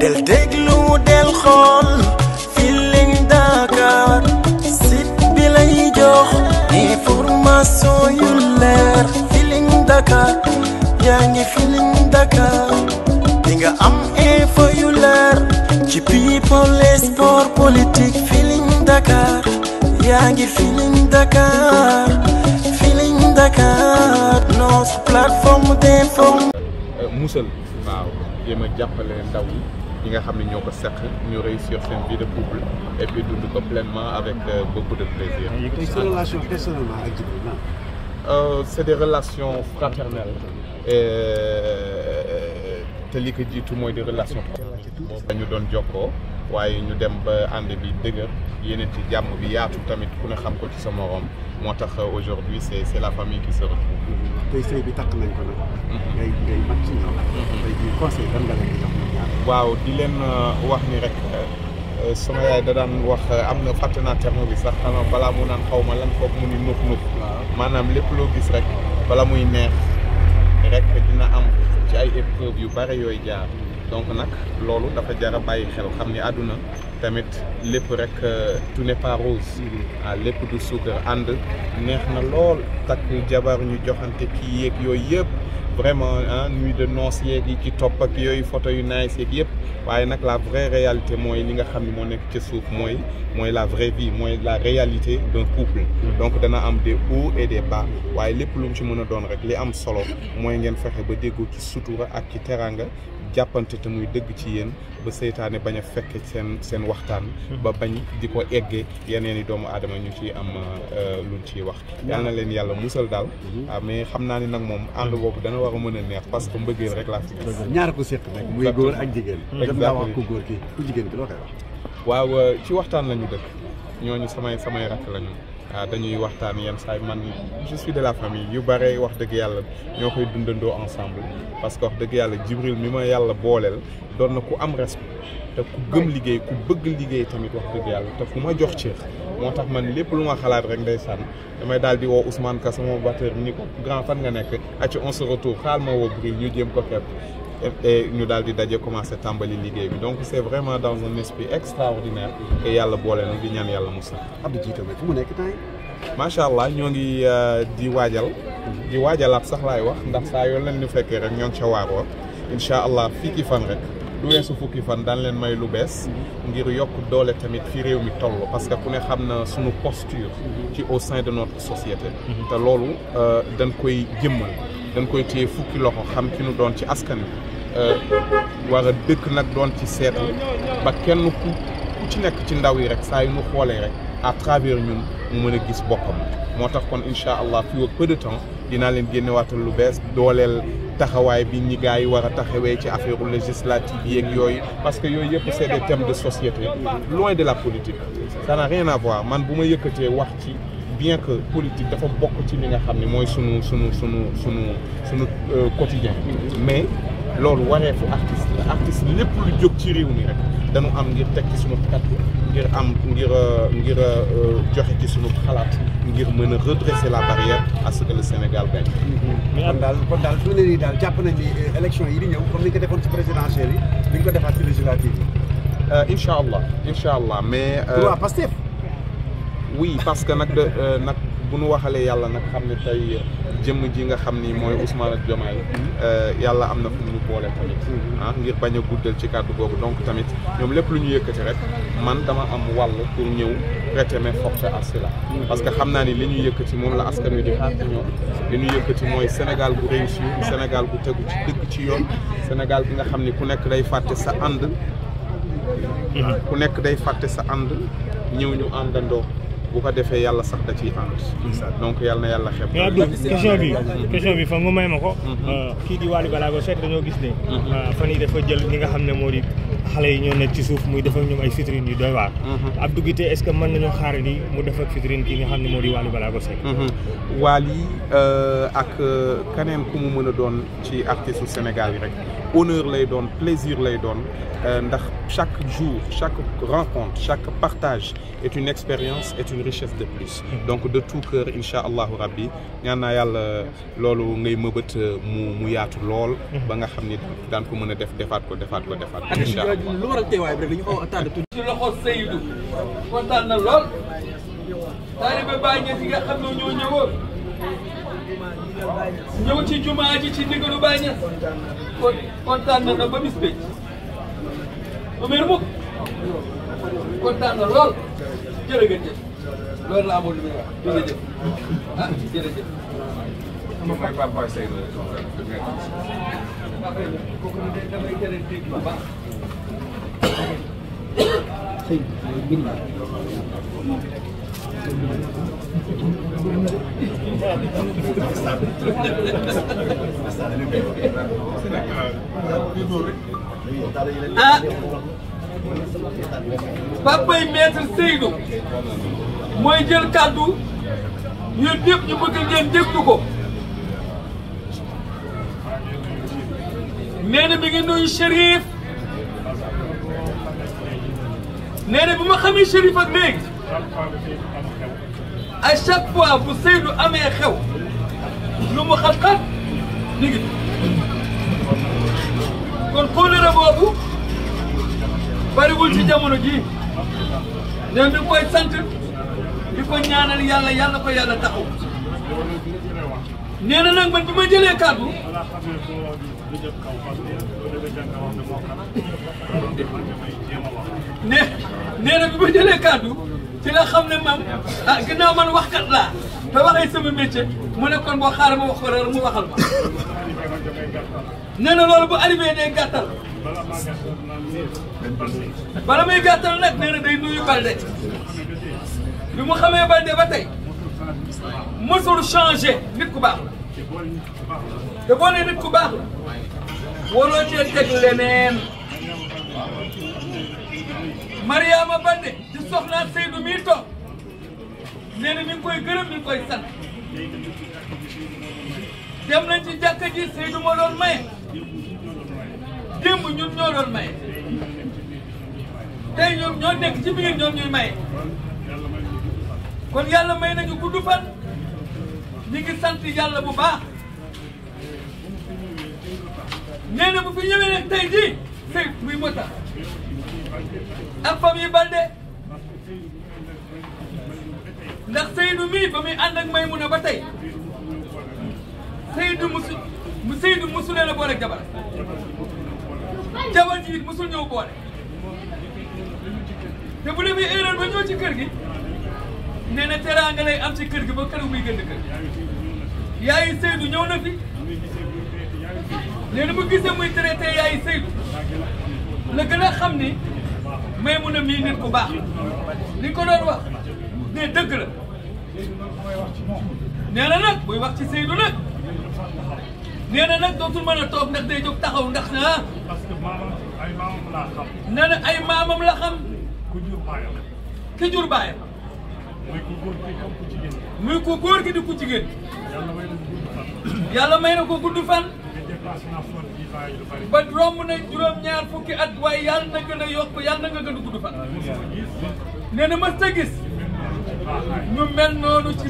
del déglu del xool Feeling Dakar site bi lay jox information yu leer Feeling Dakar yaa ngi Feeling Dakar di am info yu leer ci people sport politique Feeling Dakar yaa ngi Feeling Dakar Feeling Dakar notre plateforme d'information euh, musal waaw jéem a jàppale ndaw yi ñi nga xam ne ñoo ko seq ñu réussir seen vie de couple et puis dund ko pleinement avec euh, beaucoup de plaisir. tey sa relation personnellement ak Djibril euh, c'est des relations fraternelles. Euh, te li ko jiitu mooy des relation boobu dañu doon jokkoo waaye ñu dem ba ànd bi dëgër yeneen ci jàmm bi yaatu tamit ku ne xam ko ci sa morom moo tax aujourd'hui c'est c'est la famille qui se retrouve. tey sëy bi takk nañ ko nag. Mm-hmm. ngay ngay màcc ñoom. Mm-hmm. tey jii nga leen jox waaw di leen euh, wax ni rek euh, suma yaay da daan wax euh, am na fàtte naa terme bi sax xanaa balaa mu naan xaw ma lan foog mu ni nuuf nuuf maanaam lépp loo gis rek bala muy neex rek dina am ci ay épreuve yu bare yooyu jaar donc nag loolu dafa jar a bàyyi xel xam ni àdduna tamit lépp rek euh, tout n'est pas rose mm-hmm. ah lépp du suukar ànd neex na lool takk jabar ñu joxante ki yeeg yooyu yëpp vraiment ah nuit de noces yeeg yi ci topp ak yooyu photo yu nice yeeg yëpp waaye nag la vraie réalité mooy li nga xam ne moo nekk ca suuf mooy mooy la vraie vie mooy la réalité donc couple mm-hmm. donc dana am des hauts et des bas waaye lépp lu ci mën a doon rek li am solo mooy ngeen fexe ba déggoo ci sutura ak ci teraanga jàppante te muy dëgg ci yéen ba seytaane bañ a fekk seen seen waxtaan hmm. ba bañ di ko eggee yeneen i doomu aadama ñu ci am euh, luñ ci wax hmm. yal na leen yàlla musal daal hmm. ah, mais xam naa ni nag moom ànd boobu dana war a mën a neex parce que mbëggeel rek laa fi gis ñaar ko séq rek muy góor ak jigéen daf ngaa wax ku jigéen ki loo waaw euh, ci waxtaan la ñu dëkk ñooñu samay samay rakk la Ah, dañuy waxtaan yenn saa man je de la famille yu bare wax dëgg yàlla ñoo koy dundandoo ensemble parce que wax dëgg yàlla Jibril mi ma yàlla booleel doon na ku am respect te ku gëm liggéey ku bëgg liggéey tamit wax dëgg yàlla te fu ma jox cër moo tax man lépp lu ma xalaat rek ndeysaan damay daal di woo Ousmane Ka sama batteur ni ko grand fan nga nekk aci on se retour xaal ma woo Bril ñu jéem ko xeeb et ñu daal di daje commencé tàmbali liggéey bi donc c' est vraiment dans un esprit extraordinaire que yàlla boole na di ñaan yàlla mu sax. Abdou Dji tamit fu mu nekk macha allah ñoo ngi euh, di waajal. di waajalaat sax laay wax ndax saa yoo leen ñu fekkee rek ñoom ngi ca waaroo incha allah fii ci fan rek. du weesu fukki fan daan leen may lu bees ngir yokk doole tamit fi réew mi toll parce que ku ne xam na suñu posture ci au sein de notre société mm-hmm. te loolu euh, dañ koy jëmmal dañ koy téye fukki loxo xam ki nu doon ci askan wi euh, war a dëkk nag doon ci seetu ba kenn ku ku ci nekk ci ndaw yi rek saa yu nu xoolee rek à travers ñun mu mën a gis boppam moo tax kon incha allah fii ak temps dinaa leen génnewaatal lu bees dooleel taxawaay bi ñi gars yi war a taxawee ci affaire législative yeeg yooyu parce que yooyu yëpp c'est des thèmes de société loin de la politique ça n'a rien man bu ma yëkkatee wax ci bien que politique dafa bokk ci mi nga xam ne mooy sunu sunu sunu sunu sunu euh, quotidien mais loolu wareefu artiste la artiste lépp lu jóg ci réew mi rek dañu am ngir teg ci sunu kàddu ngir am ngir euh, ngir euh, joxe ci sunu xalaat ngir mën a redresser la barrière à ce que le Sénégal gagne. kon daal kon daal su ne nii daal jàpp nañ ni élection yi di ñëw comme ni ñu ko defoon ci présidentielle yi di nga ko defaat ci législative yi. incha allah incha allah mais. waaw Pastef. oui parce que nag euh, nag bu nu waxalee yàlla nag xam ne tey jëmm ji nga xam ni mooy Ousmane ak Diomaye euh, yàlla am na fu ñu boole tamit ah ngir bañ a guddal ci kàddu googu donc tamit ñoom lépp lu ñu yëkkati rek man dama am wàll pour ñëw prêter main forte à cela parce que xam naa ni li ñu yëkkati moom la askan wi di xaar li ñu yëkkati mooy Sénégal bu réussir Sénégal bu tegu ci dëgg ci yoon Sénégal bi nga xam ni ku nekk day fàtte sa ànd ku nekk day fàtte sa ànd ñëw ñu àndandoo bu ko defee yàlla sax da ciy ànd. Mm-hmm. donc yàlla yàlla xeeb. mais Abdou question bi question bi fa nga may ma ko. Mm-hmm. Euh, kii di Wally Ballago Seck dañoo gis ne. Mm-hmm. Euh, fan yii dafa jël li nga xam ne moo di. xale yi ñoo nekk ci suuf muy def ak ñoom ay vitrine yu doy waar. Mhm. Abdou Guité est-ce que mën nañoo xaar ni mu def ak vitrine ki nga xam ne moo di Wally Ballago Seck. Mhm. Wally euh, ak euh, keneen ku mu mën a doon ci artiste Sénégal yi rek honneur lay doon plaisir lay doon euh, ndax chaque jour chaque rencontre chaque partage et une expérience est une richesse de plus. Mhm. donc de tout cœur incha allahu rabbi ñaan naa yàlla loolu ngay mëbët mu mu yaatu lool. ba nga xam ni daan ko mën a def defaat ko defaat ko defaat lu waral teewaay bi rek dañu xaw a tardé tuuti. ci loxo Seydou kontaan na lool taalibe Baay Ñas yi nga xam ne ñoo ñëwoon ñëw ci jumaa ji ci ndigalu Baay Ñas kon kontaan na ba bis bi ba meer mukk kontaan na lool jërëjëf loolu la amoon lu muy wax jërëjëf ah jërëjëf. moom sëñ bi ah papay maître Seydou mooy jël kàddu ñun ñëpp ñu bëgg ngeen ko nee na mi ngi nuyu nee na bu ma xamee Chérif ak léegi à chaque fois bu Seydou amee xew lu mu xat-xat ñu ngi kon kóllëre boobu bariwul ci jamono jii nee na koy sant di ko ñaanal yàlla yàlla ko yàlla taxaw. nee na nag man bi ma jëlee kàddu. ne nee na bi ma jëlee kàddu ci la xam ne man ah ginnaaw man waxkat laa te waxee sama métier mu ne kon boo xaaral ma wax ko mu waxal ma. nee na loolu bu arrivé day gàttal. bala may gàttal nag nee na day nuyu Balde. bi mu xamee Balde ba tey. mësul changé nit ku baax la te boo ku baax la cee teg leneen Mariama Bande di soxnaa Seydou mii toog nee na ñu ngi koy gërëm ñu ngi koy sant dem nañ ci jàkka ji Seydou moo doon maye démb ñun ñoo doon maye tey ñoom ñoo nekk ci biir ñoom ñuy maye kon yàlla may nañu gudd fan ñi ngi sant yàlla bu baax nee na bu fi ñëwee nag tey jii sëy muy mota ak famille Balde ndax Seydou mii ba muy ànd ak Maymuna ba tey Seydou musu mu Seydou musu leen boole jabar jabar ji it musul ñëw boole te bu demee erreur ba ñëw ci kër gi nee na teraanga lay am ci kër gi ba kër muy gënd kër yaayu Seydou ñëw na fi nee na mu gisee muy traité yaayu Seydou la gën a xam ni may mun a mii nit ku baax li ko doon wax ne dëgg la nee nag buy wax ci Seydou nag nee nag dootul mën a toog ndax day jóg taxaw ndax na nee ay maamam la xam ki jur baayam muy ko góor gi di ku jigéen. yàlla may na ko gudd fan. ba romb na juróom-ñaar fukki at waaye yàlla na gën a yokk yàlla na nga gën a gudd fan. nee gis. ñu mel noonu ci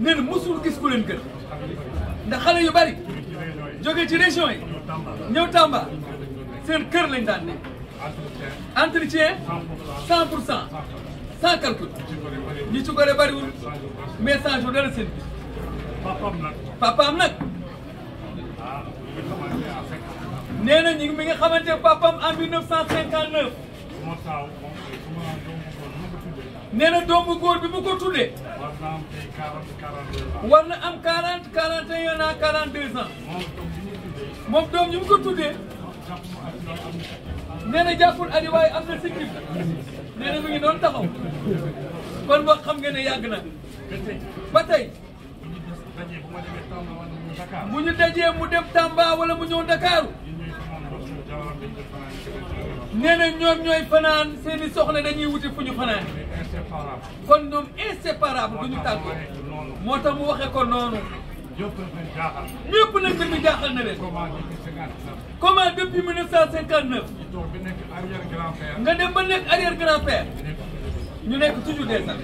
mësul gis ku leen gën. ndax xale yu bari. jóge ci région yi ñëw Tamba seen kër lañ daan ne entretien cent pour cent sans calcul ñi ci gore bariwul mais cent jours dara seen bi papaam nag nee na ñi bi nga xamante papaam en 1959 nee na doomu góor bi mu ko tuddee war na am 40 41 ans 42 ans. moom doom ñu mu ko tuddee. nee na jàppul Adi waaye am na sikkim. nee mu ngi doon taxaw. kon boo xam nga ne yàgg na. ba tey. bu ñu dajee mu dem Tamba wala mu ñëw Dakar. nee na ñoom ñooy fanaan seen i soxna dañuy wuti fu ñu fanaan. kon ñoom inséparable du ñu tàggoo. moo tax mu waxee ko noonu. ñëpp ko mbir mi jaaxal na leen. comment depuis 1959. nga dem ba nekk arrière grand père. ñu nekk toujours des sax.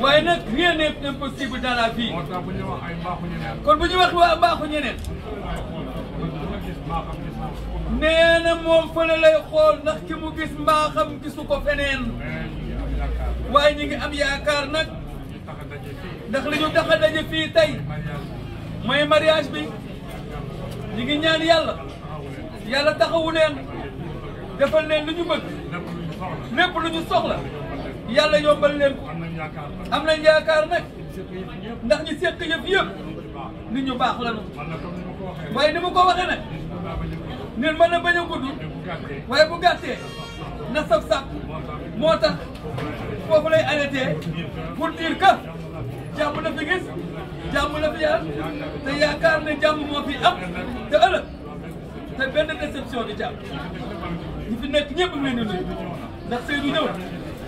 waaye nag rien n'est impossible dans la vie. kon bu ñu wax waa mbaaxu ñeneen. nee moom fële lay xool ndax ki mu gis mbaaxam gisu ko feneen. waaye ñu ngi am yaakaar nag. ndax li ñu tax a daje fii tey. mooy mariage bi. ñu ngi ñaan yàlla. yàlla taxawu leen. defal leen lu ñu bëgg. lépp lu ñu soxla. yàlla yombal leen ko am nañ yaakaar nag ndax ñu seq yëf yëpp nit ñu baax la ñu waaye ni ko waxee nag nit mën na bañ a gudd waaye bu gàttee na saf moo tax foofu lay arrêté pour dire que jàmm na fi gis jàmm na fi yar te yaakaar ne jàmm moo fi am te ëllëg te benn déception di jàmm ñi fi nekk ñëpp ngi leen di nuyu ndax